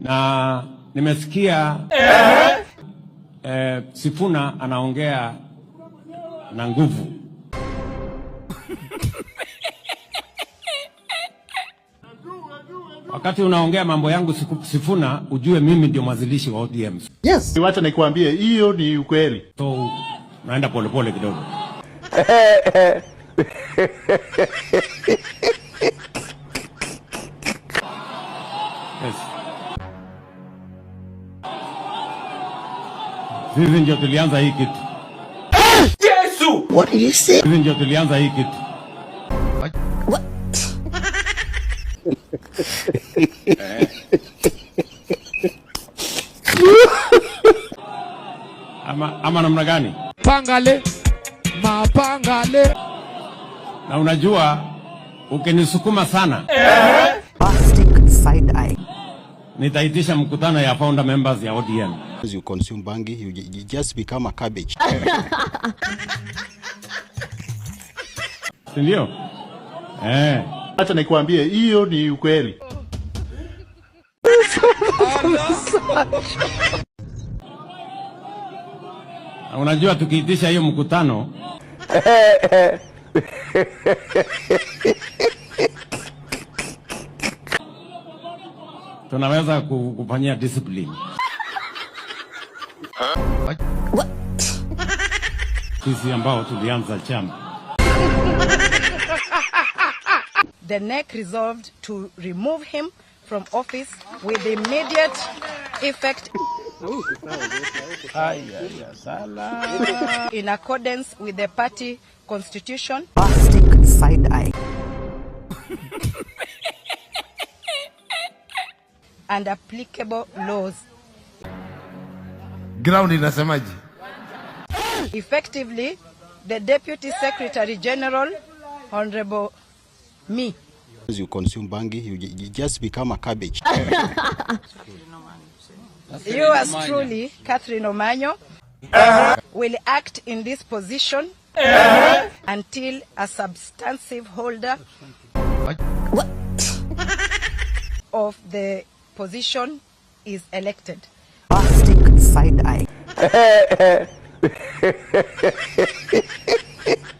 na nimesikia eh, Sifuna anaongea na nguvu Wakati unaongea mambo yangu Sifuna, ujue mimi ndio mwanzilishi wa ODM. Yes. Wacha nikuambie hiyo ni ukweli. So, naenda polepole kidogo. Sisi ndio tulianza hii kitu. Yesu! What did you say? Sisi ndio tulianza hii kitu. Ama, ama namna gani? Pangale, mapangale. Na unajua ukinisukuma sana. Eh. Plastic side nitaitisha mkutano ya founder members ya ODM. You consume bangi, you just become a cabbage. Sindio? Eh. Acha nikuambie hiyo ni ukweli. Unajua tukiitisha hiyo mkutano tunaweza kufanyia discipline sisi ambao tulianza chama. The NEC resolved to remove him from office with immediate effect in accordance with the party constitution. Plastic side eye. and applicable laws. Ground inasemaje? Effectively, the Deputy Secretary General, Honorable me. You consume bangi, you, you just become a cabbage. you are truly, Catherine Omanyo, uh-huh. will act in this position uh-huh. until a substantive holder what? of the position is elected. Plastic side eye.